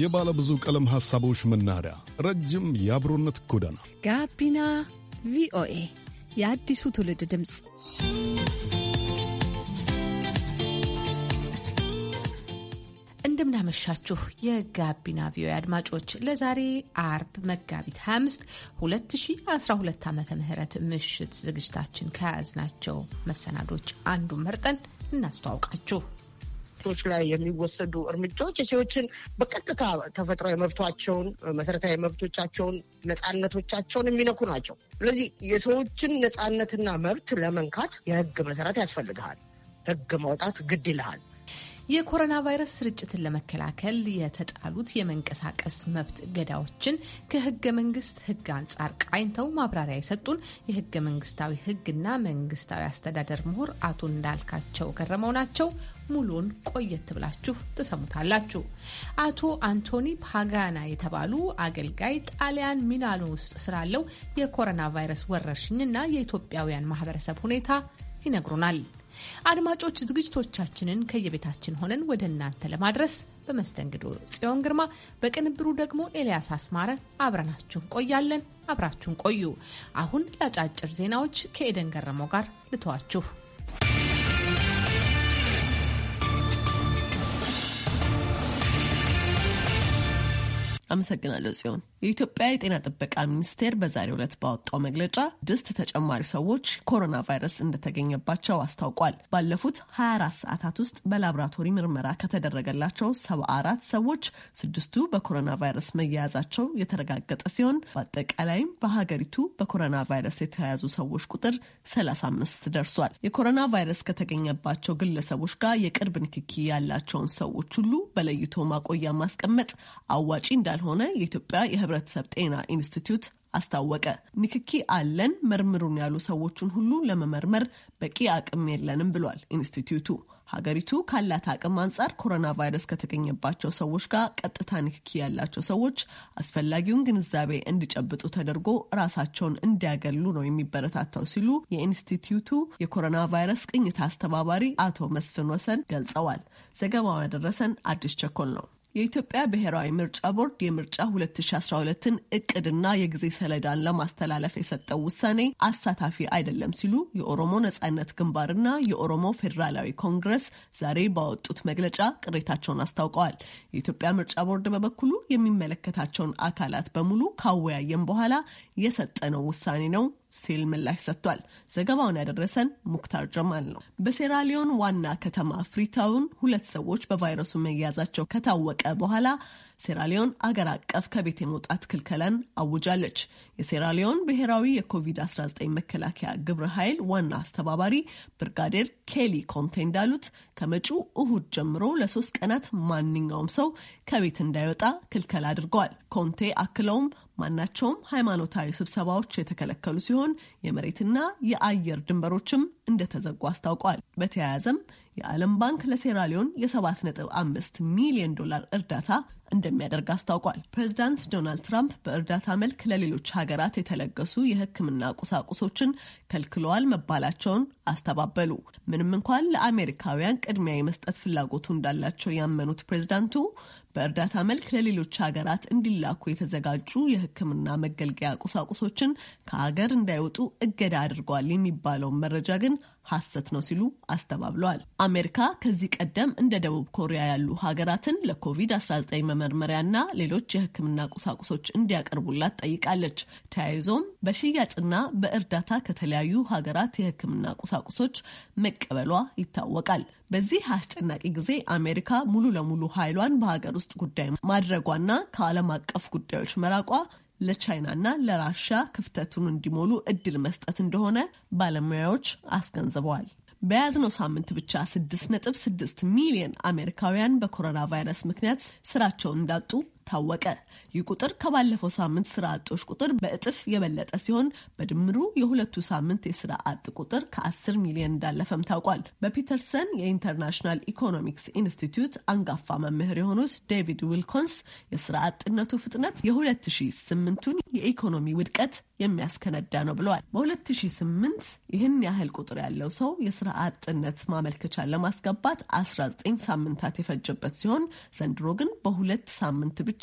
የባለ ብዙ ቀለም ሐሳቦች መናኸሪያ፣ ረጅም የአብሮነት ጎዳና ጋቢና ቪኦኤ የአዲሱ ትውልድ ድምፅ። እንደምናመሻችሁ የጋቢና ቪኦኤ አድማጮች፣ ለዛሬ አርብ መጋቢት 25 2012 ዓ ም ምሽት ዝግጅታችን ከያዝናቸው መሰናዶች አንዱን መርጠን እናስተዋውቃችሁ። መብቶች ላይ የሚወሰዱ እርምጃዎች የሰዎችን በቀጥታ ተፈጥሯዊ መብቷቸውን፣ መሰረታዊ መብቶቻቸውን፣ ነፃነቶቻቸውን የሚነኩ ናቸው። ስለዚህ የሰዎችን ነፃነትና መብት ለመንካት የህግ መሰረት ያስፈልግሃል። ህግ ማውጣት ግድ ይልሃል። የኮሮና ቫይረስ ስርጭትን ለመከላከል የተጣሉት የመንቀሳቀስ መብት ገዳዎችን ከህገ መንግስት ህግ አንጻር ቃኝተው ማብራሪያ የሰጡን የህገ መንግስታዊ ህግና መንግስታዊ አስተዳደር ምሁር አቶ እንዳልካቸው ገረመው ናቸው። ሙሉን ቆየት ብላችሁ ትሰሙታላችሁ። አቶ አንቶኒ ፓጋና የተባሉ አገልጋይ ጣሊያን ሚላኖ ውስጥ ስላለው የኮሮና ቫይረስ ወረርሽኝና የኢትዮጵያውያን ማህበረሰብ ሁኔታ ይነግሩናል። አድማጮች ዝግጅቶቻችንን ከየቤታችን ሆነን ወደ እናንተ ለማድረስ በመስተንግዶ ጽዮን ግርማ፣ በቅንብሩ ደግሞ ኤልያስ አስማረ አብረናችሁ ቆያለን። አብራችሁን ቆዩ። አሁን ለአጫጭር ዜናዎች ከኤደን ገረመው ጋር ልተዋችሁ። አመሰግናለሁ ጽዮን። የኢትዮጵያ የጤና ጥበቃ ሚኒስቴር በዛሬው ዕለት ባወጣው መግለጫ ድስት ተጨማሪ ሰዎች ኮሮና ቫይረስ እንደተገኘባቸው አስታውቋል። ባለፉት 24 ሰዓታት ውስጥ በላብራቶሪ ምርመራ ከተደረገላቸው 74 ሰዎች ስድስቱ በኮሮና ቫይረስ መያያዛቸው የተረጋገጠ ሲሆን በአጠቃላይም በሀገሪቱ በኮሮና ቫይረስ የተያያዙ ሰዎች ቁጥር 35 ደርሷል። የኮሮና ቫይረስ ከተገኘባቸው ግለሰቦች ጋር የቅርብ ንክኪ ያላቸውን ሰዎች ሁሉ በለይቶ ማቆያ ማስቀመጥ አዋጪ እንዳ እንዳልሆነ የኢትዮጵያ የህብረተሰብ ጤና ኢንስቲትዩት አስታወቀ። ንክኪ አለን መርምሩን ያሉ ሰዎችን ሁሉ ለመመርመር በቂ አቅም የለንም ብሏል ኢንስቲትዩቱ። ሀገሪቱ ካላት አቅም አንጻር ኮሮና ቫይረስ ከተገኘባቸው ሰዎች ጋር ቀጥታ ንክኪ ያላቸው ሰዎች አስፈላጊውን ግንዛቤ እንዲጨብጡ ተደርጎ ራሳቸውን እንዲያገሉ ነው የሚበረታታው ሲሉ የኢንስቲትዩቱ የኮሮና ቫይረስ ቅኝት አስተባባሪ አቶ መስፍን ወሰን ገልጸዋል። ዘገባው ያደረሰን አዲስ ቸኮል ነው። የኢትዮጵያ ብሔራዊ ምርጫ ቦርድ የምርጫ 2012ን እቅድና የጊዜ ሰሌዳን ለማስተላለፍ የሰጠው ውሳኔ አሳታፊ አይደለም ሲሉ የኦሮሞ ነጻነት ግንባርና የኦሮሞ ፌዴራላዊ ኮንግረስ ዛሬ ባወጡት መግለጫ ቅሬታቸውን አስታውቀዋል። የኢትዮጵያ ምርጫ ቦርድ በበኩሉ የሚመለከታቸውን አካላት በሙሉ ካወያየም በኋላ የሰጠነው ውሳኔ ነው ሲል ምላሽ ሰጥቷል። ዘገባውን ያደረሰን ሙክታር ጀማል ነው። በሴራሊዮን ዋና ከተማ ፍሪታውን ሁለት ሰዎች በቫይረሱ መያዛቸው ከታወቀ በኋላ ሴራሊዮን አገር አቀፍ ከቤት የመውጣት ክልከላን አውጃለች። የሴራሊዮን ብሔራዊ የኮቪድ-19 መከላከያ ግብረ ኃይል ዋና አስተባባሪ ብርጋዴር ኬሊ ኮንቴ እንዳሉት ከመጪው እሁድ ጀምሮ ለሶስት ቀናት ማንኛውም ሰው ከቤት እንዳይወጣ ክልከላ አድርገዋል። ኮንቴ አክለውም ማናቸውም ሃይማኖታዊ ስብሰባዎች የተከለከሉ ሲሆን የመሬትና የአየር ድንበሮችም እንደተዘጉ አስታውቋል። በተያያዘም የዓለም ባንክ ለሴራሊዮን የ7.5 ሚሊዮን ዶላር እርዳታ እንደሚያደርግ አስታውቋል። ፕሬዚዳንት ዶናልድ ትራምፕ በእርዳታ መልክ ለሌሎች ሀገራት የተለገሱ የሕክምና ቁሳቁሶችን ከልክለዋል መባላቸውን አስተባበሉ። ምንም እንኳን ለአሜሪካውያን ቅድሚያ የመስጠት ፍላጎቱ እንዳላቸው ያመኑት ፕሬዚዳንቱ በእርዳታ መልክ ለሌሎች ሀገራት እንዲላኩ የተዘጋጁ የሕክምና መገልገያ ቁሳቁሶችን ከሀገር እንዳይወጡ እገዳ አድርጓል የሚባለውን መረጃ ግን ሐሰት ነው ሲሉ አስተባብለዋል። አሜሪካ ከዚህ ቀደም እንደ ደቡብ ኮሪያ ያሉ ሀገራትን ለኮቪድ-19 መመርመሪያና ሌሎች የሕክምና ቁሳቁሶች እንዲያቀርቡላት ጠይቃለች። ተያይዞም በሽያጭና በእርዳታ ከተለያዩ ሀገራት የሕክምና ቁሳቁሶች መቀበሏ ይታወቃል። በዚህ አስጨናቂ ጊዜ አሜሪካ ሙሉ ለሙሉ ኃይሏን በሀገር ውስጥ ጉዳይ ማድረጓና ከዓለም አቀፍ ጉዳዮች መራቋ ለቻይናና ለራሻ ክፍተቱን እንዲሞሉ እድል መስጠት እንደሆነ ባለሙያዎች አስገንዝበዋል። በያዝነው ሳምንት ብቻ 6.6 ሚሊዮን አሜሪካውያን በኮሮና ቫይረስ ምክንያት ስራቸውን እንዳጡ ታወቀ። ይህ ቁጥር ከባለፈው ሳምንት ስራ አጦች ቁጥር በእጥፍ የበለጠ ሲሆን በድምሩ የሁለቱ ሳምንት የስራ አጥ ቁጥር ከ10 ሚሊዮን እንዳለፈም ታውቋል። በፒተርሰን የኢንተርናሽናል ኢኮኖሚክስ ኢንስቲትዩት አንጋፋ መምህር የሆኑት ዴቪድ ዊልኮንስ የስራ አጥነቱ ፍጥነት የ2008ቱን የኢኮኖሚ ውድቀት የሚያስከነዳ ነው ብለዋል። በ2008 ይህን ያህል ቁጥር ያለው ሰው የስራ አጥነት ማመልከቻ ለማስገባት 19 ሳምንታት የፈጀበት ሲሆን ዘንድሮ ግን በሁለት ሳምንት ብቻ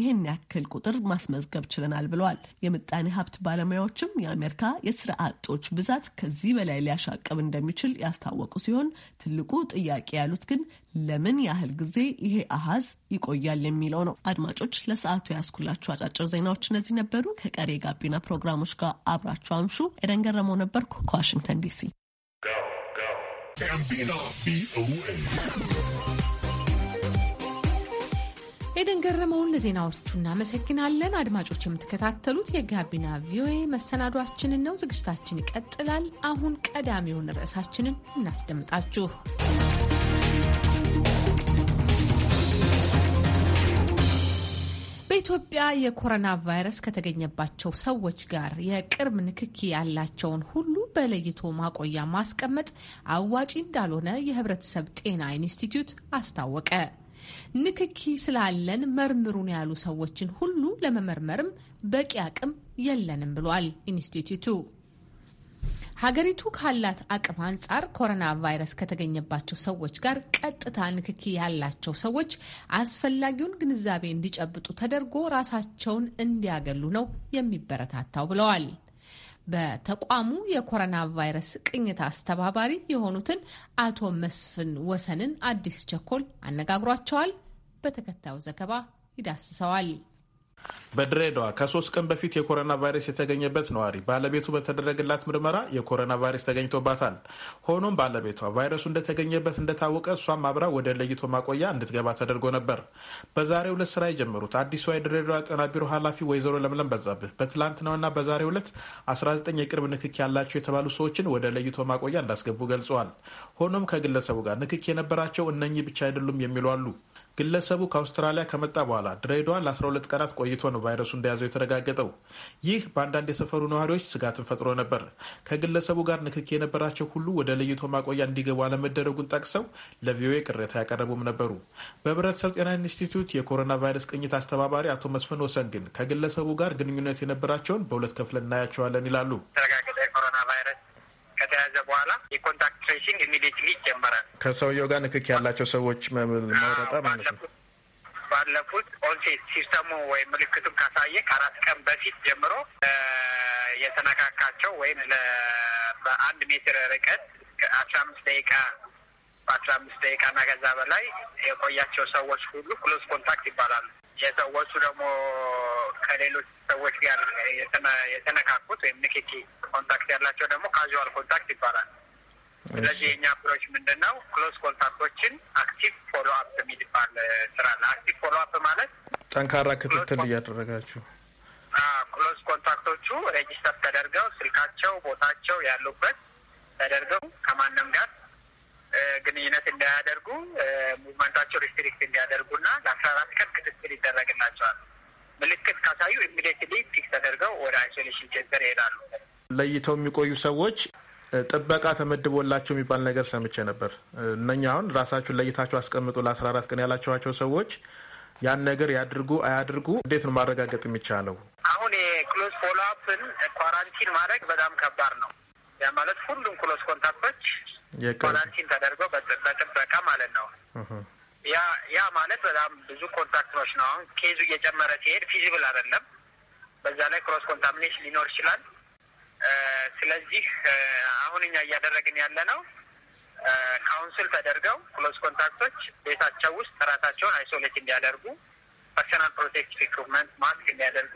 ይህን ያክል ቁጥር ማስመዝገብ ችለናል ብለዋል። የምጣኔ ሀብት ባለሙያዎችም የአሜሪካ የስራ አጦች ብዛት ከዚህ በላይ ሊያሻቅብ እንደሚችል ያስታወቁ ሲሆን ትልቁ ጥያቄ ያሉት ግን ለምን ያህል ጊዜ ይሄ አሃዝ ይቆያል የሚለው ነው። አድማጮች፣ ለሰዓቱ ያስኩላችሁ አጫጭር ዜናዎች እነዚህ ነበሩ። ከቀሪ የጋቢና ፕሮግራሞች ጋር አብራችሁ አምሹ። ኤደን ገረመው ነበርኩ ከዋሽንግተን ዲሲ። ኤደን ገረመውን ለዜናዎቹ እናመሰግናለን። አድማጮች የምትከታተሉት የጋቢና ቪኦኤ መሰናዷችንን ነው። ዝግጅታችን ይቀጥላል። አሁን ቀዳሚውን ርዕሳችንን እናስደምጣችሁ። በኢትዮጵያ የኮሮና ቫይረስ ከተገኘባቸው ሰዎች ጋር የቅርብ ንክኪ ያላቸውን ሁሉ በለይቶ ማቆያ ማስቀመጥ አዋጪ እንዳልሆነ የሕብረተሰብ ጤና ኢንስቲትዩት አስታወቀ። ንክኪ ስላለን መርምሩን ያሉ ሰዎችን ሁሉ ለመመርመርም በቂ አቅም የለንም ብሏል ኢንስቲትዩቱ። ሀገሪቱ ካላት አቅም አንጻር ኮሮና ቫይረስ ከተገኘባቸው ሰዎች ጋር ቀጥታ ንክኪ ያላቸው ሰዎች አስፈላጊውን ግንዛቤ እንዲጨብጡ ተደርጎ ራሳቸውን እንዲያገሉ ነው የሚበረታታው ብለዋል። በተቋሙ የኮሮና ቫይረስ ቅኝት አስተባባሪ የሆኑትን አቶ መስፍን ወሰንን አዲስ ቸኮል አነጋግሯቸዋል። በተከታዩ ዘገባ ይዳስሰዋል። በድሬዳዋ ከሶስት ቀን በፊት የኮሮና ቫይረስ የተገኘበት ነዋሪ ባለቤቱ በተደረገላት ምርመራ የኮሮና ቫይረስ ተገኝቶባታል። ሆኖም ባለቤቷ ቫይረሱ እንደተገኘበት እንደታወቀ እሷም አብራ ወደ ለይቶ ማቆያ እንድትገባ ተደርጎ ነበር። በዛሬው ዕለት ስራ የጀመሩት አዲሷ የድሬዳዋ ጤና ቢሮ ኃላፊ ወይዘሮ ለምለም በዛብህ በትላንትናውና በዛሬው ዕለት 19 የቅርብ ንክኪ ያላቸው የተባሉ ሰዎችን ወደ ለይቶ ማቆያ እንዳስገቡ ገልጸዋል። ሆኖም ከግለሰቡ ጋር ንክኪ የነበራቸው እነኚህ ብቻ አይደሉም የሚሉ አሉ። ግለሰቡ ከአውስትራሊያ ከመጣ በኋላ ድሬዳዋ ለ12 ቀናት ቆይቶ ነው ቫይረሱ እንደያዘው የተረጋገጠው። ይህ በአንዳንድ የሰፈሩ ነዋሪዎች ስጋትን ፈጥሮ ነበር። ከግለሰቡ ጋር ንክኪ የነበራቸው ሁሉ ወደ ለይቶ ማቆያ እንዲገቡ አለመደረጉን ጠቅሰው ለቪኦኤ ቅሬታ ያቀረቡም ነበሩ። በህብረተሰብ ጤና ኢንስቲትዩት የኮሮና ቫይረስ ቅኝት አስተባባሪ አቶ መስፍን ወሰን ግን ከግለሰቡ ጋር ግንኙነት የነበራቸውን በሁለት ከፍለን እናያቸዋለን ይላሉ። የኮሮና ቫይረስ ከተያዘ በኋላ የኮንታክት ትሬሲንግ ኢሚዲየትሊ ይጀመራል። ከሰውየው ጋር ንክክ ያላቸው ሰዎች መረጣ ማለት ነው። ባለፉት ኦንሴት ሲስተሙ ወይም ምልክቱን ካሳየ ከአራት ቀን በፊት ጀምሮ የተነካካቸው ወይም በአንድ ሜትር ርቀት ከአስራ አምስት ደቂቃ በአስራ አምስት ደቂቃ እና ከዛ በላይ የቆያቸው ሰዎች ሁሉ ክሎዝ ኮንታክት ይባላሉ። የሰዎቹ ደግሞ ከሌሎች ሰዎች ጋር የተነካኩት ወይም ንክኪ ኮንታክት ያላቸው ደግሞ ካዥዋል ኮንታክት ይባላል። ስለዚህ የእኛ ፕሮች ምንድን ነው? ክሎዝ ኮንታክቶችን አክቲቭ ፎሎ አፕ የሚባል ስራ አለ። አክቲቭ ፎሎ አፕ ማለት ጠንካራ ክትትል እያደረጋችሁ ክሎዝ ኮንታክቶቹ ሬጂስተር ተደርገው ስልካቸው፣ ቦታቸው ያሉበት ተደርገው ከማንም ጋር ግንኙነት እንዳያደርጉ ሙቭመንታቸው ሪስትሪክት እንዲያደርጉና ለአስራ አራት ቀን ክትትል ይደረግላቸዋል። ምልክት ካሳዩ ኢሚዲየትሊ ፊክስ ተደርገው ወደ አይሶሌሽን ሴንተር ይሄዳሉ። ለይተው የሚቆዩ ሰዎች ጥበቃ ተመድቦላቸው የሚባል ነገር ሰምቼ ነበር። እነኛ አሁን ራሳችሁን ለይታችሁ አስቀምጡ ለአስራ አራት ቀን ያላቸኋቸው ሰዎች ያን ነገር ያድርጉ አያድርጉ እንዴት ነው ማረጋገጥ የሚቻለው? አሁን የክሎዝ ፎሎፕን ኳራንቲን ማድረግ በጣም ከባድ ነው። ያ ማለት ሁሉም ክሎዝ ኮንታክቶች ኮራንቲን ተደርጎ በጥበቃ ማለት ነው። ያ ያ ማለት በጣም ብዙ ኮንታክቶች ነው። አሁን ኬዙ እየጨመረ ሲሄድ ፊዚብል አይደለም። በዛ ላይ ክሮስ ኮንታሚኔሽን ሊኖር ይችላል። ስለዚህ አሁን እኛ እያደረግን ያለ ነው ካውንስል ተደርገው ክሎዝ ኮንታክቶች ቤታቸው ውስጥ ራሳቸውን አይሶሌት እንዲያደርጉ፣ ፐርሰናል ፕሮቴክቲቭ ኢኩፕመንት ማስክ እንዲያደርጉ፣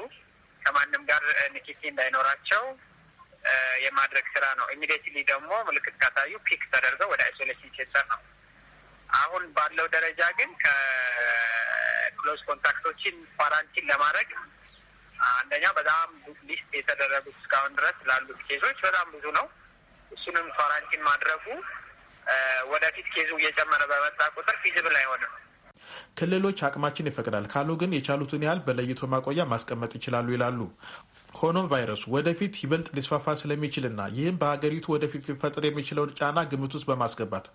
ከማንም ጋር ንክኪ እንዳይኖራቸው የማድረግ ስራ ነው። ኢሚዲየትሊ ደግሞ ምልክት ካሳዩ ፒክ ተደርገው ወደ አይሶሌሽን ሴንተር ነው። አሁን ባለው ደረጃ ግን ከክሎዝ ኮንታክቶችን ኳራንቲን ለማድረግ አንደኛ በጣም ሊስት የተደረጉት እስካሁን ድረስ ላሉት ኬዞች በጣም ብዙ ነው። እሱንም ኳራንቲን ማድረጉ ወደፊት ኬዙ እየጨመረ በመጣ ቁጥር ፊዚብል አይሆንም። ክልሎች አቅማችን ይፈቅዳል ካሉ ግን የቻሉትን ያህል በለይቶ ማቆያ ማስቀመጥ ይችላሉ ይላሉ። ሆኖም ቫይረሱ ወደፊት ይበልጥ ሊስፋፋ ስለሚችልና ይህም በሀገሪቱ ወደፊት ሊፈጥር የሚችለውን ጫና ግምት ውስጥ በማስገባት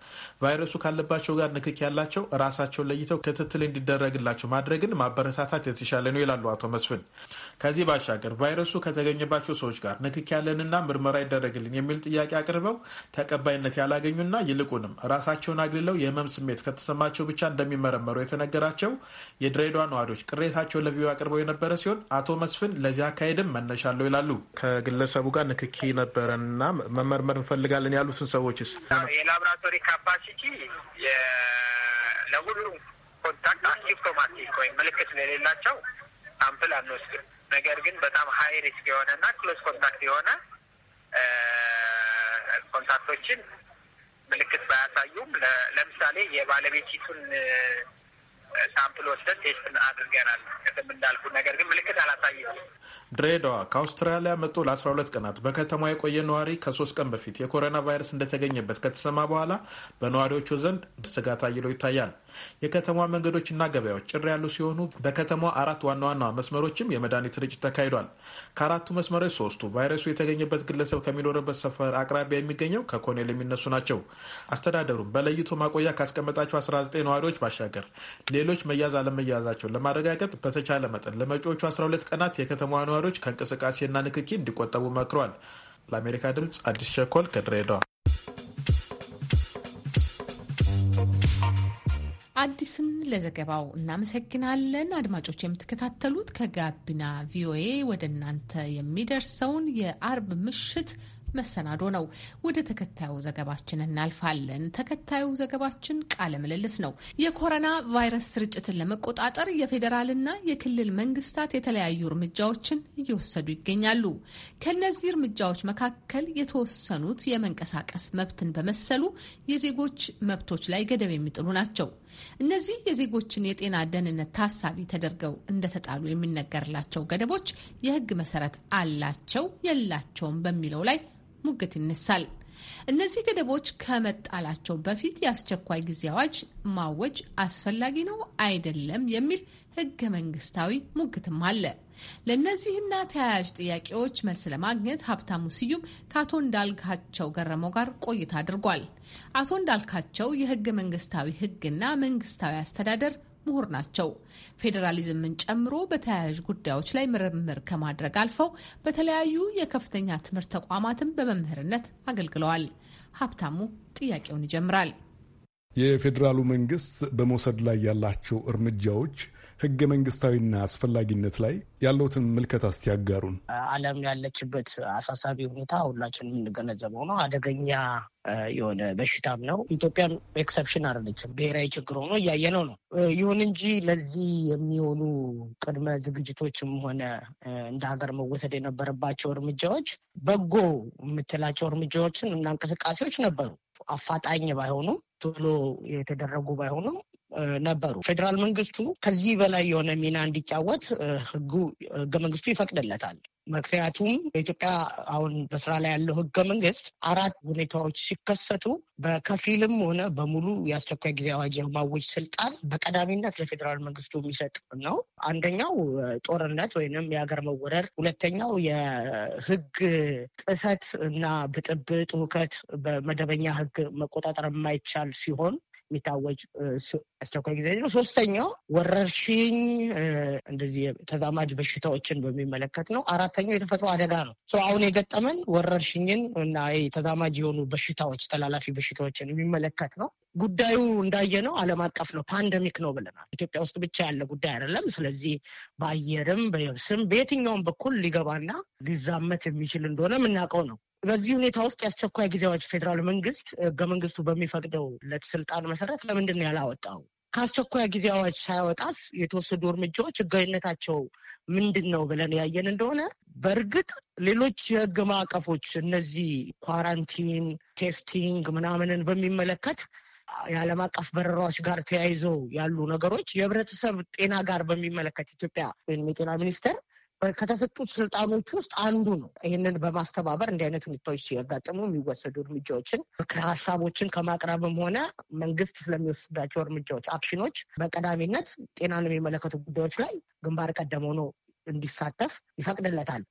ቫይረሱ ካለባቸው ጋር ንክክ ያላቸው ራሳቸውን ለይተው ክትትል እንዲደረግላቸው ማድረግን ማበረታታት የተሻለ ነው ይላሉ አቶ መስፍን። ከዚህ ባሻገር ቫይረሱ ከተገኘባቸው ሰዎች ጋር ንክክ ያለንና ምርመራ ይደረግልን የሚል ጥያቄ አቅርበው ተቀባይነት ያላገኙና ይልቁንም ራሳቸውን አግልለው የህመም ስሜት ከተሰማቸው ብቻ እንደሚመረመሩ የተነገራቸው የድሬዳዋ ነዋሪዎች ቅሬታቸውን ለቪዮ አቅርበው የነበረ ሲሆን አቶ መስፍን ለዚህ አካሄድም አነሻለሁ ይላሉ። ከግለሰቡ ጋር ንክኪ ነበረንና መመርመር እንፈልጋለን ያሉትን ሰዎችስ የላብራቶሪ ካፓሲቲ ለሁሉም ኮንታክት አሲፕቶማቲክ ወይም ምልክት ለሌላቸው ሳምፕል አንወስድም። ነገር ግን በጣም ሀይ ሪስክ የሆነ እና ክሎዝ ኮንታክት የሆነ ኮንታክቶችን ምልክት ባያሳዩም ለምሳሌ የባለቤቲቱን ሳምፕል ወስደን ቴስትን አድርገናል ቅድም እንዳልኩ። ነገር ግን ምልክት አላሳየም። ድሬዳዋ ከአውስትራሊያ መጡ ለ12 ቀናት በከተማ የቆየ ነዋሪ ከሶስት ቀን በፊት የኮሮና ቫይረስ እንደተገኘበት ከተሰማ በኋላ በነዋሪዎቹ ዘንድ ስጋት አይሎ ይታያል። የከተማ መንገዶችና ገበያዎች ጭር ያሉ ሲሆኑ በከተማዋ አራት ዋና ዋና መስመሮችም የመድኃኒት ርጭት ተካሂዷል። ከአራቱ መስመሮች ሶስቱ ቫይረሱ የተገኘበት ግለሰብ ከሚኖርበት ሰፈር አቅራቢያ የሚገኘው ከኮኔል የሚነሱ ናቸው። አስተዳደሩም በለይቶ ማቆያ ካስቀመጣቸው 19 ነዋሪዎች ባሻገር ሌሎች መያዝ አለመያዛቸውን ለማረጋገጥ በተቻለ መጠን ለመጪዎቹ 12 ቀናት የከተማዋ ነዋሪ ነዋሪዎች ከእንቅስቃሴና ንክኪ እንዲቆጠቡ መክሯል። ለአሜሪካ ድምፅ አዲስ ሸኮል ከድሬዳዋ። አዲስን ለዘገባው እናመሰግናለን። አድማጮች የምትከታተሉት ከጋቢና ቪኦኤ ወደ እናንተ የሚደርሰውን የአርብ ምሽት መሰናዶ ነው። ወደ ተከታዩ ዘገባችን እናልፋለን። ተከታዩ ዘገባችን ቃለ ምልልስ ነው። የኮሮና ቫይረስ ስርጭትን ለመቆጣጠር የፌዴራልና የክልል መንግስታት የተለያዩ እርምጃዎችን እየወሰዱ ይገኛሉ። ከእነዚህ እርምጃዎች መካከል የተወሰኑት የመንቀሳቀስ መብትን በመሰሉ የዜጎች መብቶች ላይ ገደብ የሚጥሉ ናቸው። እነዚህ የዜጎችን የጤና ደህንነት ታሳቢ ተደርገው እንደተጣሉ የሚነገርላቸው ገደቦች የህግ መሰረት አላቸው የላቸውም በሚለው ላይ ሙግት ይነሳል። እነዚህ ገደቦች ከመጣላቸው በፊት የአስቸኳይ ጊዜ አዋጅ ማወጅ አስፈላጊ ነው አይደለም የሚል ሕገ መንግስታዊ ሙግትም አለ። ለእነዚህና ተያያዥ ጥያቄዎች መልስ ለማግኘት ሀብታሙ ስዩም ከአቶ እንዳልካቸው ገረመው ጋር ቆይታ አድርጓል። አቶ እንዳልካቸው የሕገ መንግስታዊ ህግና መንግስታዊ አስተዳደር ምሁር ናቸው። ፌዴራሊዝምን ጨምሮ በተያያዥ ጉዳዮች ላይ ምርምር ከማድረግ አልፈው በተለያዩ የከፍተኛ ትምህርት ተቋማትን በመምህርነት አገልግለዋል። ሀብታሙ ጥያቄውን ይጀምራል። የፌዴራሉ መንግስት በመውሰድ ላይ ያላቸው እርምጃዎች ህገ መንግስታዊና አስፈላጊነት ላይ ያለውትን ምልከታ እስቲ ያጋሩን። ዓለም ያለችበት አሳሳቢ ሁኔታ ሁላችን የምንገነዘበው ነው። አደገኛ የሆነ በሽታም ነው። ኢትዮጵያም ኤክሰፕሽን አይደለችም። ብሔራዊ ችግር ሆኖ እያየነው ነው። ይሁን እንጂ ለዚህ የሚሆኑ ቅድመ ዝግጅቶችም ሆነ እንደ ሀገር መወሰድ የነበረባቸው እርምጃዎች በጎ የምትላቸው እርምጃዎችን እና እንቅስቃሴዎች ነበሩ። አፋጣኝ ባይሆኑም ቶሎ የተደረጉ ባይሆኑም ነበሩ። ፌዴራል መንግስቱ ከዚህ በላይ የሆነ ሚና እንዲጫወት ህጉ ህገ መንግስቱ ይፈቅድለታል። ምክንያቱም በኢትዮጵያ አሁን በስራ ላይ ያለው ህገ መንግስት አራት ሁኔታዎች ሲከሰቱ በከፊልም ሆነ በሙሉ የአስቸኳይ ጊዜ አዋጅ የማወጅ ስልጣን በቀዳሚነት ለፌዴራል መንግስቱ የሚሰጥ ነው። አንደኛው ጦርነት ወይንም የሀገር መወረር፣ ሁለተኛው የህግ ጥሰት እና ብጥብጥ፣ ሁከት በመደበኛ ህግ መቆጣጠር የማይቻል ሲሆን የሚታወጅ አስቸኳይ ጊዜ ነው። ሶስተኛው ወረርሽኝ እንደዚህ ተዛማጅ በሽታዎችን በሚመለከት ነው። አራተኛው የተፈጥሮ አደጋ ነው። አሁን የገጠመን ወረርሽኝን እና ተዛማጅ የሆኑ በሽታዎች ተላላፊ በሽታዎችን የሚመለከት ነው። ጉዳዩ እንዳየነው ዓለም አቀፍ ነው፣ ፓንደሚክ ነው ብለናል። ኢትዮጵያ ውስጥ ብቻ ያለ ጉዳይ አይደለም። ስለዚህ በአየርም በየብስም በየትኛውም በኩል ሊገባና ሊዛመት የሚችል እንደሆነ የምናውቀው ነው። በዚህ ሁኔታ ውስጥ የአስቸኳይ ጊዜ አዋጅ ፌዴራል መንግስት ህገ መንግስቱ በሚፈቅደው ስልጣን መሰረት ለምንድን ነው ያላወጣው? ከአስቸኳይ ጊዜ አዋጅ ሳያወጣስ የተወሰዱ እርምጃዎች ህጋዊነታቸው ምንድን ነው ብለን ያየን እንደሆነ በእርግጥ ሌሎች የህግ ማዕቀፎች እነዚህ ኳራንቲን፣ ቴስቲንግ ምናምንን በሚመለከት የዓለም አቀፍ በረራዎች ጋር ተያይዘው ያሉ ነገሮች የህብረተሰብ ጤና ጋር በሚመለከት ኢትዮጵያ ወይም የጤና ሚኒስቴር ከተሰጡት ስልጣኖች ውስጥ አንዱ ነው። ይህንን በማስተባበር እንዲህ አይነት ሁኔታዎች ሲያጋጥሙ የሚወሰዱ እርምጃዎችን ምክረ ሀሳቦችን ከማቅረብም ሆነ መንግስት ስለሚወስዳቸው እርምጃዎች፣ አክሽኖች በቀዳሚነት ጤናን የሚመለከቱ ጉዳዮች ላይ ግንባር ቀደም ሆኖ እንዲሳተፍ ይፈቅድለታል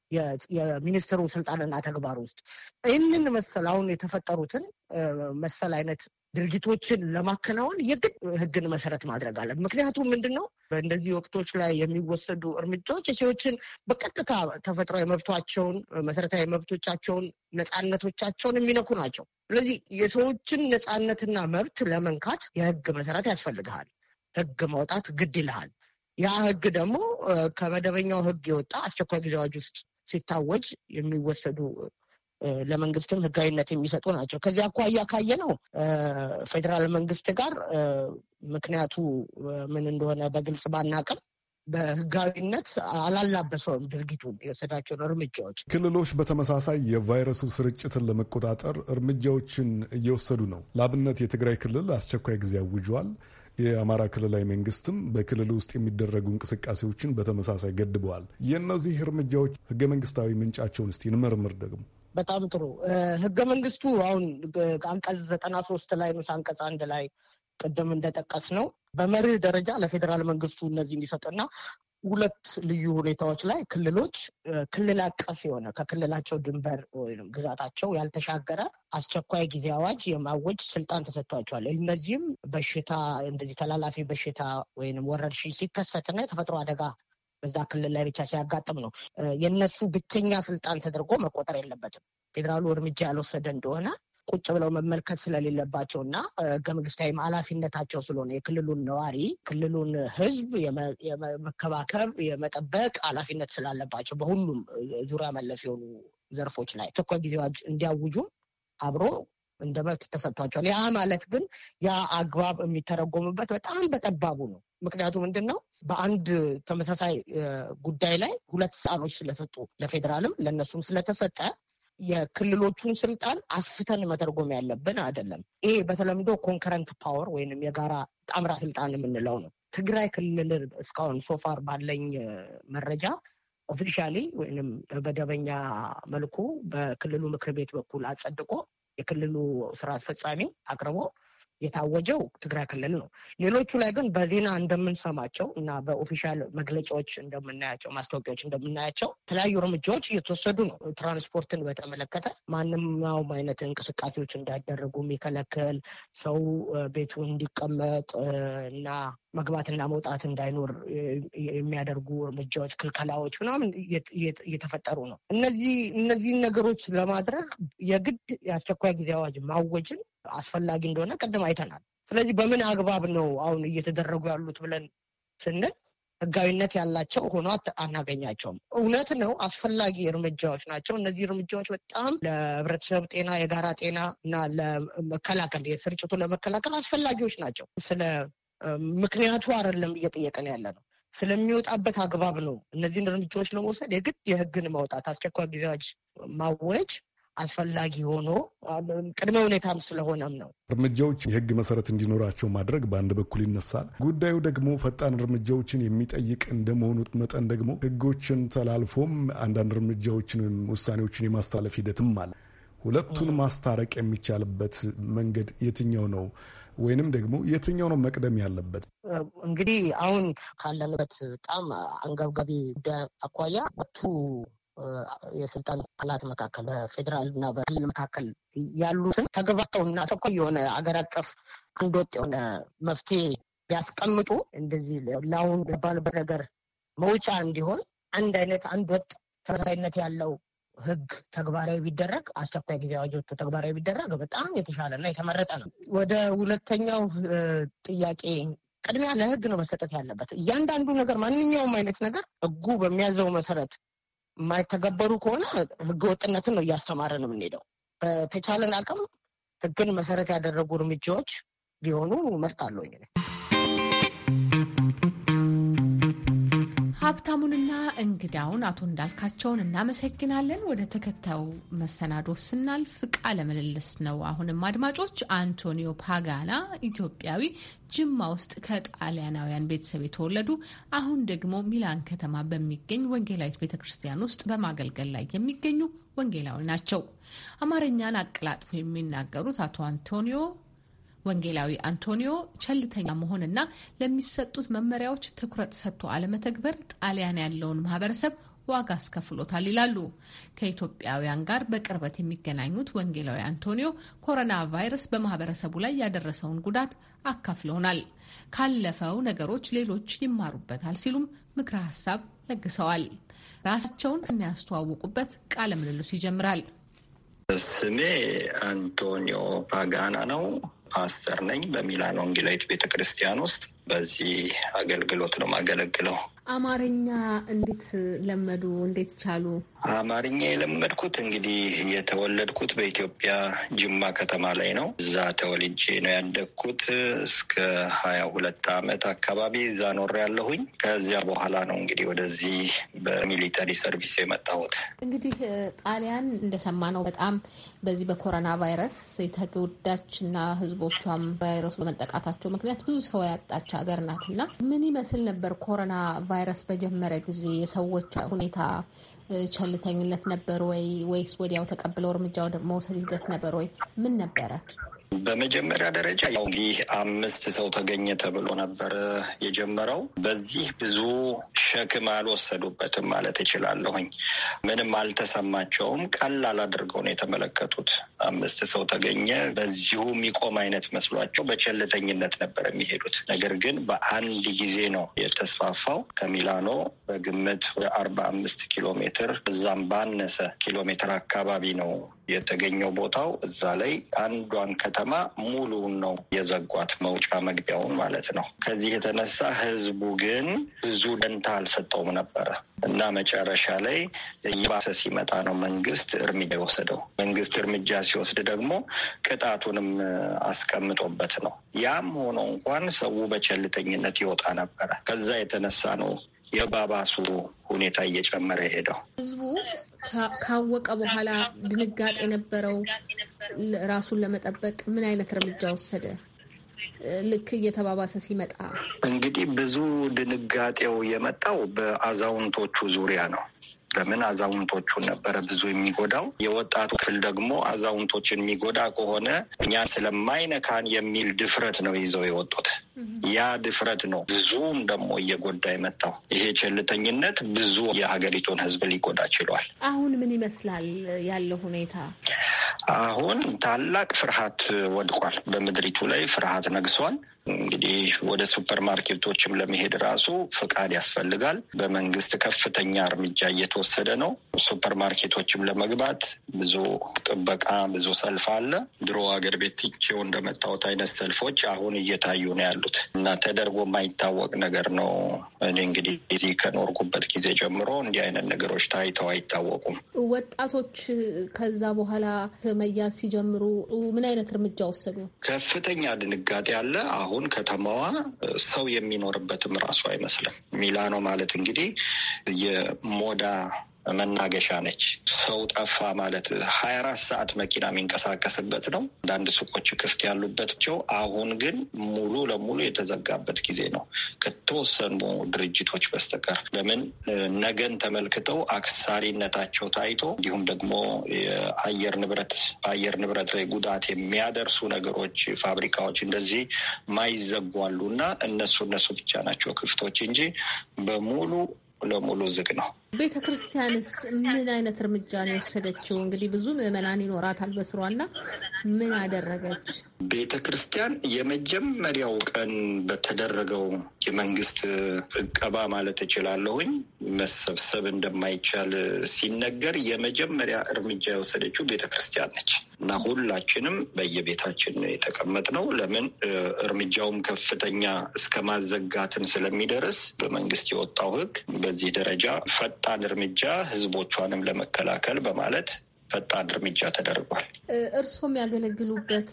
የሚኒስትሩ ስልጣንና ተግባር ውስጥ ይህንን መሰል አሁን የተፈጠሩትን መሰል አይነት ድርጊቶችን ለማከናወን የግድ ህግን መሰረት ማድረግ አለ። ምክንያቱም ምንድን ነው በእንደዚህ ወቅቶች ላይ የሚወሰዱ እርምጃዎች የሰዎችን በቀጥታ ተፈጥሯዊ መብቷቸውን፣ መሰረታዊ መብቶቻቸውን፣ ነፃነቶቻቸውን የሚነኩ ናቸው። ስለዚህ የሰዎችን ነፃነትና መብት ለመንካት የህግ መሰረት ያስፈልግሃል። ህግ ማውጣት ግድ ይልሃል። ያ ህግ ደግሞ ከመደበኛው ህግ የወጣ አስቸኳይ ጊዜ አዋጅ ውስጥ ሲታወጅ የሚወሰዱ ለመንግስትም ህጋዊነት የሚሰጡ ናቸው። ከዚህ አኳያ ካየ ነው ፌዴራል መንግስት ጋር ምክንያቱ ምን እንደሆነ በግልጽ ባናቅም በህጋዊነት አላላበሰውም ድርጊቱን የወሰዳቸውን እርምጃዎች። ክልሎች በተመሳሳይ የቫይረሱ ስርጭትን ለመቆጣጠር እርምጃዎችን እየወሰዱ ነው። ለአብነት የትግራይ ክልል አስቸኳይ ጊዜ አውጇል። የአማራ ክልላዊ መንግስትም በክልሉ ውስጥ የሚደረጉ እንቅስቃሴዎችን በተመሳሳይ ገድበዋል። የእነዚህ እርምጃዎች ህገ መንግስታዊ ምንጫቸውን እስቲ እንመርምር ደግሞ በጣም ጥሩ። ህገ መንግስቱ አሁን አንቀጽ ዘጠና ሶስት ላይ ንዑስ አንቀጽ አንድ ላይ ቅድም እንደጠቀስ ነው በመርህ ደረጃ ለፌዴራል መንግስቱ እነዚህ እንዲሰጥና ሁለት ልዩ ሁኔታዎች ላይ ክልሎች ክልል አቀፍ የሆነ ከክልላቸው ድንበር ወይም ግዛታቸው ያልተሻገረ አስቸኳይ ጊዜ አዋጅ የማወጅ ስልጣን ተሰጥቷቸዋል። እነዚህም በሽታ እንደዚህ ተላላፊ በሽታ ወይም ወረርሽኝ ሲከሰትና የተፈጥሮ አደጋ በዛ ክልል ላይ ብቻ ሲያጋጥም ነው። የነሱ ብቸኛ ስልጣን ተደርጎ መቆጠር የለበትም። ፌዴራሉ እርምጃ ያልወሰደ እንደሆነ ቁጭ ብለው መመልከት ስለሌለባቸው እና ህገ መንግስታዊ ኃላፊነታቸው ስለሆነ የክልሉን ነዋሪ ክልሉን ህዝብ የመከባከብ የመጠበቅ ኃላፊነት ስላለባቸው በሁሉም ዙሪያ መለስ የሆኑ ዘርፎች ላይ አስቸኳይ ጊዜ አዋጅ እንዲያውጁ አብሮ እንደ መብት ተሰጥቷቸዋል። ያ ማለት ግን ያ አግባብ የሚተረጎምበት በጣም በጠባቡ ነው። ምክንያቱ ምንድን ነው? በአንድ ተመሳሳይ ጉዳይ ላይ ሁለት ጻኖች ስለሰጡ ለፌዴራልም ለእነሱም ስለተሰጠ የክልሎቹን ስልጣን አስፍተን መተርጎም ያለብን አይደለም። ይሄ በተለምዶ ኮንከረንት ፓወር ወይንም የጋራ ጣምራ ስልጣን የምንለው ነው። ትግራይ ክልል እስካሁን ሶፋር ባለኝ መረጃ ኦፊሻሊ ወይንም በመደበኛ መልኩ በክልሉ ምክር ቤት በኩል አጸድቆ የክልሉ ስራ አስፈጻሚ አቅርቦ የታወጀው ትግራይ ክልል ነው። ሌሎቹ ላይ ግን በዜና እንደምንሰማቸው እና በኦፊሻል መግለጫዎች እንደምናያቸው፣ ማስታወቂያዎች እንደምናያቸው የተለያዩ እርምጃዎች እየተወሰዱ ነው። ትራንስፖርትን በተመለከተ ማንኛውም አይነት እንቅስቃሴዎች እንዳይደረጉ የሚከለክል ሰው ቤቱ እንዲቀመጥ እና መግባትና መውጣት እንዳይኖር የሚያደርጉ እርምጃዎች፣ ክልከላዎች ምናምን እየተፈጠሩ ነው። እነዚህ እነዚህን ነገሮች ለማድረግ የግድ የአስቸኳይ ጊዜ አዋጅ ማወጅን አስፈላጊ እንደሆነ ቅድም አይተናል። ስለዚህ በምን አግባብ ነው አሁን እየተደረጉ ያሉት ብለን ስንል ህጋዊነት ያላቸው ሆኖ አናገኛቸውም። እውነት ነው፣ አስፈላጊ እርምጃዎች ናቸው። እነዚህ እርምጃዎች በጣም ለህብረተሰብ ጤና፣ የጋራ ጤና እና ለመከላከል የስርጭቱ ለመከላከል አስፈላጊዎች ናቸው። ስለ ምክንያቱ አይደለም እየጠየቀን ያለ ነው። ስለሚወጣበት አግባብ ነው። እነዚህን እርምጃዎች ለመውሰድ የግድ የህግን ማውጣት አስቸኳይ ጊዜዎች ማወጅ አስፈላጊ ሆኖ ቅድመ ሁኔታም ስለሆነም ነው። እርምጃዎች የህግ መሰረት እንዲኖራቸው ማድረግ በአንድ በኩል ይነሳል። ጉዳዩ ደግሞ ፈጣን እርምጃዎችን የሚጠይቅ እንደመሆኑ መጠን ደግሞ ህጎችን ተላልፎም አንዳንድ እርምጃዎችን ወይም ውሳኔዎችን የማስተላለፍ ሂደትም አለ። ሁለቱን ማስታረቅ የሚቻልበት መንገድ የትኛው ነው? ወይንም ደግሞ የትኛው ነው መቅደም ያለበት? እንግዲህ አሁን ካለንበት በጣም አንገብጋቢ ጉዳይ አኳያ ቱ የስልጣን አካላት መካከል በፌዴራል እና በክልል መካከል ያሉትን እና ሰብኮ የሆነ አገር አቀፍ አንድ ወጥ የሆነ መፍትሄ ቢያስቀምጡ እንደዚህ ለአሁን ባልበት ነገር መውጫ እንዲሆን አንድ አይነት አንድ ወጥ ተመሳሳይነት ያለው ህግ ተግባራዊ ቢደረግ አስቸኳይ ጊዜ አዋጆቹ ተግባራዊ ቢደረግ በጣም የተሻለ እና የተመረጠ ነው። ወደ ሁለተኛው ጥያቄ ቅድሚያ ለህግ ነው መሰጠት ያለበት። እያንዳንዱ ነገር ማንኛውም አይነት ነገር ህጉ በሚያዘው መሰረት የማይተገበሩ ከሆነ ወጥነትን ነው ነው የምንሄደው። በተቻለን አቅም ህግን መሰረት ያደረጉ እርምጃዎች ቢሆኑ መርጥ አለኝ። ሀብታሙንና እንግዳውን አቶ እንዳልካቸውን እናመሰግናለን። ወደ ተከታዩ መሰናዶ ስናልፍ ቃለ ምልልስ ነው። አሁንም አድማጮች፣ አንቶኒዮ ፓጋና ኢትዮጵያዊ ጅማ ውስጥ ከጣሊያናውያን ቤተሰብ የተወለዱ አሁን ደግሞ ሚላን ከተማ በሚገኝ ወንጌላዊት ቤተ ክርስቲያን ውስጥ በማገልገል ላይ የሚገኙ ወንጌላዊ ናቸው። አማርኛን አቀላጥፎ የሚናገሩት አቶ አንቶኒዮ ወንጌላዊ አንቶኒዮ ቸልተኛ መሆንና ለሚሰጡት መመሪያዎች ትኩረት ሰጥቶ አለመተግበር ጣሊያን ያለውን ማህበረሰብ ዋጋ አስከፍሎታል ይላሉ። ከኢትዮጵያውያን ጋር በቅርበት የሚገናኙት ወንጌላዊ አንቶኒዮ ኮሮና ቫይረስ በማህበረሰቡ ላይ ያደረሰውን ጉዳት አካፍለውናል። ካለፈው ነገሮች ሌሎች ይማሩበታል ሲሉም ምክረ ሀሳብ ለግሰዋል። ራሳቸውን ከሚያስተዋውቁበት ቃለ ምልልሱ ይጀምራል። ስሜ አንቶኒዮ ፓጋና ነው። ፓስተር ነኝ በሚላን ወንጌላዊት ቤተ ክርስቲያን ውስጥ በዚህ አገልግሎት ነው የማገለግለው። አማርኛ እንዴት ለመዱ? እንዴት ቻሉ? አማርኛ የለመድኩት እንግዲህ የተወለድኩት በኢትዮጵያ ጅማ ከተማ ላይ ነው። እዛ ተወልጄ ነው ያደግኩት። እስከ ሀያ ሁለት አመት አካባቢ እዛ ኖሬ ያለሁኝ። ከዚያ በኋላ ነው እንግዲህ ወደዚህ በሚሊተሪ ሰርቪስ የመጣሁት። እንግዲህ ጣሊያን እንደሰማ ነው በጣም በዚህ በኮሮና ቫይረስ የተጎዳች እና ህዝቦቿም ቫይረሱ በመጠቃታቸው ምክንያት ብዙ ሰው ያጣች ሀገር ናት እና ምን ይመስል ነበር ኮሮና ቫይረስ በጀመረ ጊዜ የሰዎች ሁኔታ ቸልተኝነት ነበር ወይ ወይስ ወዲያው ተቀብለው እርምጃ መውሰድ ሂደት ነበር ወይ? ምን ነበረ? በመጀመሪያ ደረጃ ያው እንግዲህ አምስት ሰው ተገኘ ተብሎ ነበር የጀመረው። በዚህ ብዙ ሸክም አልወሰዱበትም ማለት እችላለሁኝ። ምንም አልተሰማቸውም። ቀላል አድርገው ነው የተመለከቱት። አምስት ሰው ተገኘ በዚሁ የሚቆም አይነት መስሏቸው በቸልተኝነት ነበር የሚሄዱት። ነገር ግን በአንድ ጊዜ ነው የተስፋፋው። ከሚላኖ በግምት ወደ አርባ አምስት ኪሎ ሜትር እዛም ባነሰ ኪሎ ሜትር አካባቢ ነው የተገኘው ቦታው። እዛ ላይ አንዷን ከታ ከተማ ሙሉውን ነው የዘጓት፣ መውጫ መግቢያውን ማለት ነው። ከዚህ የተነሳ ህዝቡ ግን ብዙ ደንታ አልሰጠውም ነበረ እና መጨረሻ ላይ እየባሰ ሲመጣ ነው መንግስት እርምጃ የወሰደው። መንግስት እርምጃ ሲወስድ ደግሞ ቅጣቱንም አስቀምጦበት ነው። ያም ሆኖ እንኳን ሰው በቸልተኝነት ይወጣ ነበረ። ከዛ የተነሳ ነው የባባሱ ሁኔታ እየጨመረ ሄደው። ህዝቡ ካወቀ በኋላ ድንጋጤ የነበረው ራሱን ለመጠበቅ ምን አይነት እርምጃ ወሰደ? ልክ እየተባባሰ ሲመጣ እንግዲህ ብዙ ድንጋጤው የመጣው በአዛውንቶቹ ዙሪያ ነው። ለምን አዛውንቶቹን ነበረ ብዙ የሚጎዳው። የወጣቱ ክፍል ደግሞ አዛውንቶችን የሚጎዳ ከሆነ እኛን ስለማይነካን የሚል ድፍረት ነው ይዘው የወጡት። ያ ድፍረት ነው ብዙም ደግሞ እየጎዳ የመጣው። ይሄ ቸልተኝነት ብዙ የሀገሪቱን ህዝብ ሊጎዳ ችሏል። አሁን ምን ይመስላል ያለው ሁኔታ? አሁን ታላቅ ፍርሃት ወድቋል። በምድሪቱ ላይ ፍርሃት ነግሷል። እንግዲህ ወደ ሱፐር ማርኬቶችም ለመሄድ ራሱ ፍቃድ ያስፈልጋል። በመንግስት ከፍተኛ እርምጃ እየተወሰደ ነው። ሱፐር ማርኬቶችም ለመግባት ብዙ ጥበቃ፣ ብዙ ሰልፍ አለ። ድሮ አገር ቤት ቼው እንደመጣሁት አይነት ሰልፎች አሁን እየታዩ ነው ያሉ ያሉት እና ተደርጎ የማይታወቅ ነገር ነው። እኔ እንግዲህ እዚህ ከኖርኩበት ጊዜ ጀምሮ እንዲህ አይነት ነገሮች ታይተው አይታወቁም። ወጣቶች ከዛ በኋላ መያዝ ሲጀምሩ ምን አይነት እርምጃ ወሰዱ? ከፍተኛ ድንጋጤ አለ። አሁን ከተማዋ ሰው የሚኖርበትም ራሱ አይመስልም። ሚላኖ ማለት እንግዲህ የሞዳ መናገሻ ነች። ሰው ጠፋ ማለት ሀያ አራት ሰዓት መኪና የሚንቀሳቀስበት ነው። አንዳንድ ሱቆች ክፍት ያሉበትቸው፣ አሁን ግን ሙሉ ለሙሉ የተዘጋበት ጊዜ ነው ከተወሰኑ ድርጅቶች በስተቀር። ለምን ነገን ተመልክተው አክሳሪነታቸው ታይቶ እንዲሁም ደግሞ የአየር ንብረት በአየር ንብረት ላይ ጉዳት የሚያደርሱ ነገሮች ፋብሪካዎች እንደዚህ ማይዘጓሉ እና እነሱ እነሱ ብቻ ናቸው ክፍቶች እንጂ በሙሉ ለሙሉ ዝግ ነው። ቤተ ክርስቲያንስ ምን አይነት እርምጃ ነው የወሰደችው? እንግዲህ ብዙ ምዕመናን ይኖራታል በስሯና ምን አደረገች ቤተ ክርስቲያን? የመጀመሪያው ቀን በተደረገው የመንግስት እቀባ ማለት እችላለሁኝ መሰብሰብ እንደማይቻል ሲነገር የመጀመሪያ እርምጃ የወሰደችው ቤተ ክርስቲያን ነች እና ሁላችንም በየቤታችን የተቀመጥ ነው ለምን እርምጃውም ከፍተኛ እስከ ማዘጋትን ስለሚደርስ በመንግስት የወጣው ህግ በዚህ ደረጃ ፈጥ ፈጣን እርምጃ ህዝቦቿንም ለመከላከል በማለት ፈጣን እርምጃ ተደርጓል። እርሶም ያገለግሉበት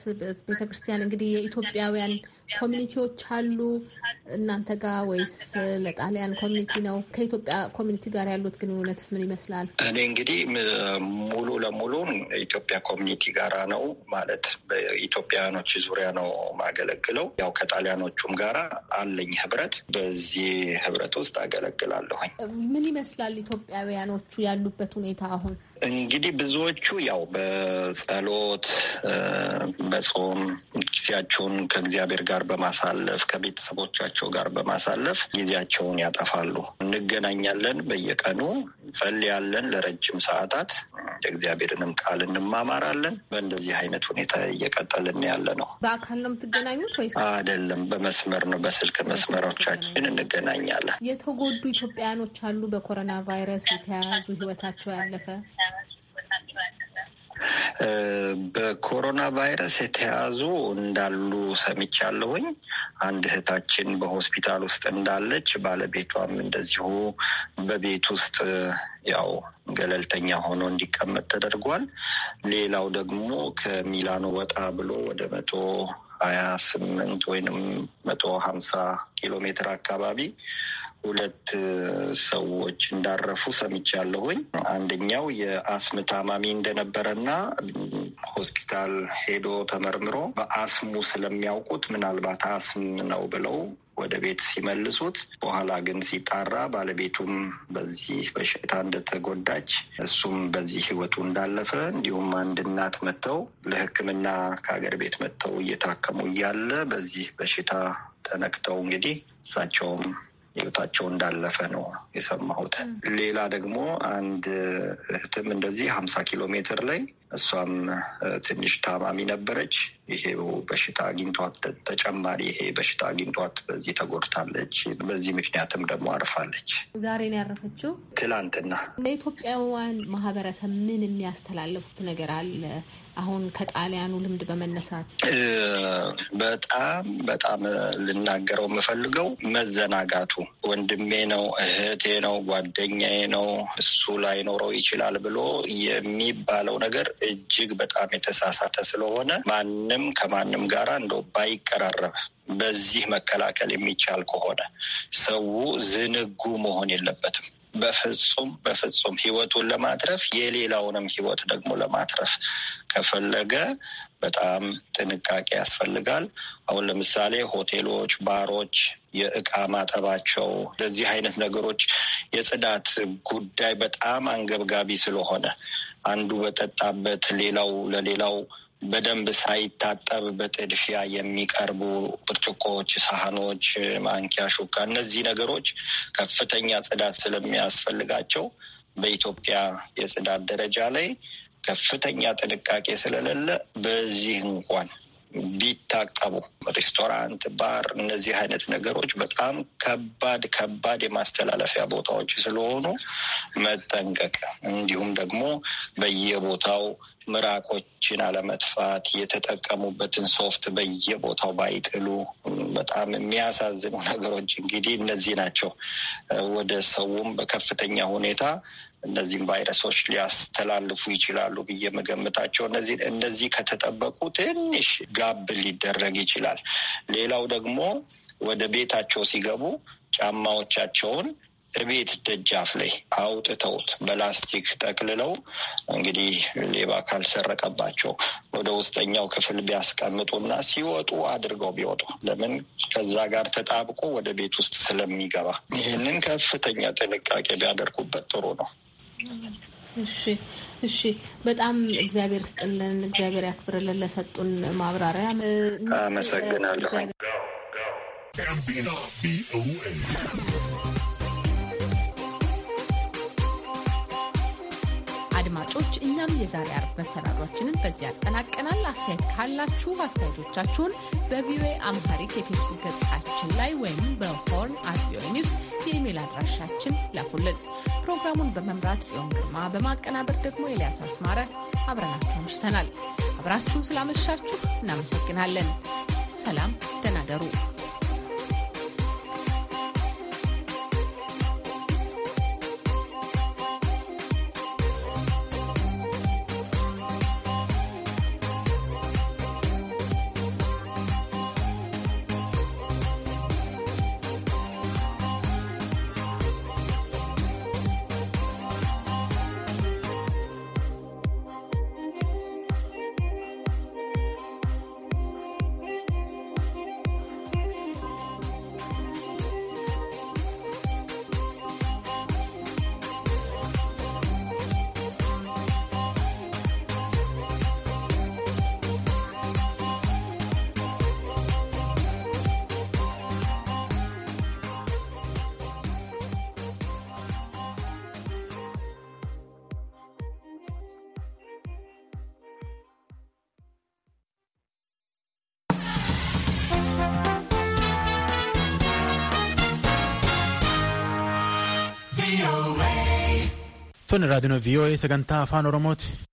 ቤተክርስቲያን እንግዲህ የኢትዮጵያውያን ኮሚኒቲዎች አሉ እናንተ ጋር ወይስ ለጣሊያን ኮሚኒቲ ነው? ከኢትዮጵያ ኮሚኒቲ ጋር ያሉት ግንኙነትስ ምን ይመስላል? እኔ እንግዲህ ሙሉ ለሙሉ ኢትዮጵያ ኮሚኒቲ ጋራ ነው ማለት በኢትዮጵያውያኖች ዙሪያ ነው ማገለግለው። ያው ከጣሊያኖቹም ጋራ አለኝ ህብረት፣ በዚህ ህብረት ውስጥ አገለግላለሁኝ። ምን ይመስላል ኢትዮጵያውያኖቹ ያሉበት ሁኔታ አሁን? እንግዲህ ብዙዎቹ ያው በጸሎት በጾም ጊዜያቸውን ከእግዚአብሔር ጋር ጋር በማሳለፍ ከቤተሰቦቻቸው ጋር በማሳለፍ ጊዜያቸውን ያጠፋሉ። እንገናኛለን፣ በየቀኑ ጸልያለን ለረጅም ሰዓታት፣ እግዚአብሔርንም ቃል እንማማራለን። በእንደዚህ አይነት ሁኔታ እየቀጠልን ያለ ነው። በአካል ነው የምትገናኙት ወይ? አይደለም፣ በመስመር ነው። በስልክ መስመሮቻችን እንገናኛለን። የተጎዱ ኢትዮጵያኖች አሉ በኮሮና ቫይረስ የተያያዙ ህይወታቸው ያለፈ በኮሮና ቫይረስ የተያዙ እንዳሉ ሰምቻለሁኝ። አንድ እህታችን በሆስፒታል ውስጥ እንዳለች፣ ባለቤቷም እንደዚሁ በቤት ውስጥ ያው ገለልተኛ ሆኖ እንዲቀመጥ ተደርጓል። ሌላው ደግሞ ከሚላኖ ወጣ ብሎ ወደ መቶ ሀያ ስምንት ወይንም መቶ ሀምሳ ኪሎ ሜትር አካባቢ ሁለት ሰዎች እንዳረፉ ሰምቻለሁኝ። አንደኛው የአስም ታማሚ እንደነበረና ሆስፒታል ሄዶ ተመርምሮ በአስሙ ስለሚያውቁት ምናልባት አስም ነው ብለው ወደ ቤት ሲመልሱት በኋላ ግን ሲጣራ ባለቤቱም በዚህ በሽታ እንደተጎዳች እሱም በዚህ ህይወቱ እንዳለፈ እንዲሁም አንድ እናት መጥተው ለሕክምና ከሀገር ቤት መጥተው እየታከሙ እያለ በዚህ በሽታ ተነክተው እንግዲህ እሳቸውም ህይወታቸው እንዳለፈ ነው የሰማሁት። ሌላ ደግሞ አንድ እህትም እንደዚህ ሀምሳ ኪሎ ሜትር ላይ እሷም ትንሽ ታማሚ ነበረች። ይሄው በሽታ አግኝቷት ተጨማሪ ይሄ በሽታ አግኝቷት በዚህ ተጎድታለች። በዚህ ምክንያትም ደግሞ አርፋለች። ዛሬ ነው ያረፈችው፣ ትላንትና። ለኢትዮጵያውያን ማህበረሰብ ምን የሚያስተላልፉት ነገር አለ? አሁን ከጣሊያኑ ልምድ በመነሳት በጣም በጣም ልናገረው የምፈልገው መዘናጋቱ ወንድሜ ነው፣ እህቴ ነው፣ ጓደኛዬ ነው፣ እሱ ላይኖረው ይችላል ብሎ የሚባለው ነገር እጅግ በጣም የተሳሳተ ስለሆነ ማንም ከማንም ጋራ እንደው ባይቀራረብ በዚህ መከላከል የሚቻል ከሆነ ሰው ዝንጉ መሆን የለበትም። በፍጹም በፍጹም ህይወቱን ለማትረፍ የሌላውንም ህይወት ደግሞ ለማትረፍ ከፈለገ በጣም ጥንቃቄ ያስፈልጋል። አሁን ለምሳሌ ሆቴሎች፣ ባሮች የእቃ ማጠባቸው እንደዚህ አይነት ነገሮች የጽዳት ጉዳይ በጣም አንገብጋቢ ስለሆነ አንዱ በጠጣበት ሌላው ለሌላው በደንብ ሳይታጠብ በጥድፊያ የሚቀርቡ ብርጭቆዎች፣ ሳህኖች፣ ማንኪያ፣ ሹካ እነዚህ ነገሮች ከፍተኛ ጽዳት ስለሚያስፈልጋቸው በኢትዮጵያ የጽዳት ደረጃ ላይ ከፍተኛ ጥንቃቄ ስለሌለ በዚህ እንኳን ቢታቀቡ ሬስቶራንት፣ ባር እነዚህ አይነት ነገሮች በጣም ከባድ ከባድ የማስተላለፊያ ቦታዎች ስለሆኑ መጠንቀቅ እንዲሁም ደግሞ በየቦታው ምራቆችን አለመጥፋት፣ የተጠቀሙበትን ሶፍት በየቦታው ባይጥሉ፣ በጣም የሚያሳዝኑ ነገሮች እንግዲህ እነዚህ ናቸው። ወደ ሰውም በከፍተኛ ሁኔታ እነዚህም ቫይረሶች ሊያስተላልፉ ይችላሉ ብዬ መገምታቸው እነዚህ እነዚህ ከተጠበቁ ትንሽ ጋብ ሊደረግ ይችላል። ሌላው ደግሞ ወደ ቤታቸው ሲገቡ ጫማዎቻቸውን እቤት ደጃፍ ላይ አውጥተውት በላስቲክ ጠቅልለው እንግዲህ ሌባ ካልሰረቀባቸው ወደ ውስጠኛው ክፍል ቢያስቀምጡና ሲወጡ አድርገው ቢወጡ ለምን ከዛ ጋር ተጣብቆ ወደ ቤት ውስጥ ስለሚገባ ይህንን ከፍተኛ ጥንቃቄ ቢያደርጉበት ጥሩ ነው። እሺ፣ እሺ። በጣም እግዚአብሔር ስጥልን፣ እግዚአብሔር ያክብርልን። ለሰጡን ማብራሪያ አመሰግናለሁ። አድማጮች፣ እኛም የዛሬ አርብ መሰናዷችንን በዚህ ያጠናቀናል። አስተያየት ካላችሁ አስተያየቶቻችሁን በቪኦኤ አምሃሪክ የፌስቡክ ገጻችን ላይ ወይም በሆርን አት ቪኦኤ ኒውስ የኢሜይል አድራሻችን ላኩልን። ፕሮግራሙን በመምራት ጽዮን ግርማ፣ በማቀናበር ደግሞ ኤልያስ አስማረ አብረናችሁ አምሽተናል። አብራችሁን ስላመሻችሁ እናመሰግናለን። ሰላም፣ ደናደሩ። ደሩ። Dhaggeeffattoonni raadiyoon VOA sagantaa afaan Oromooti.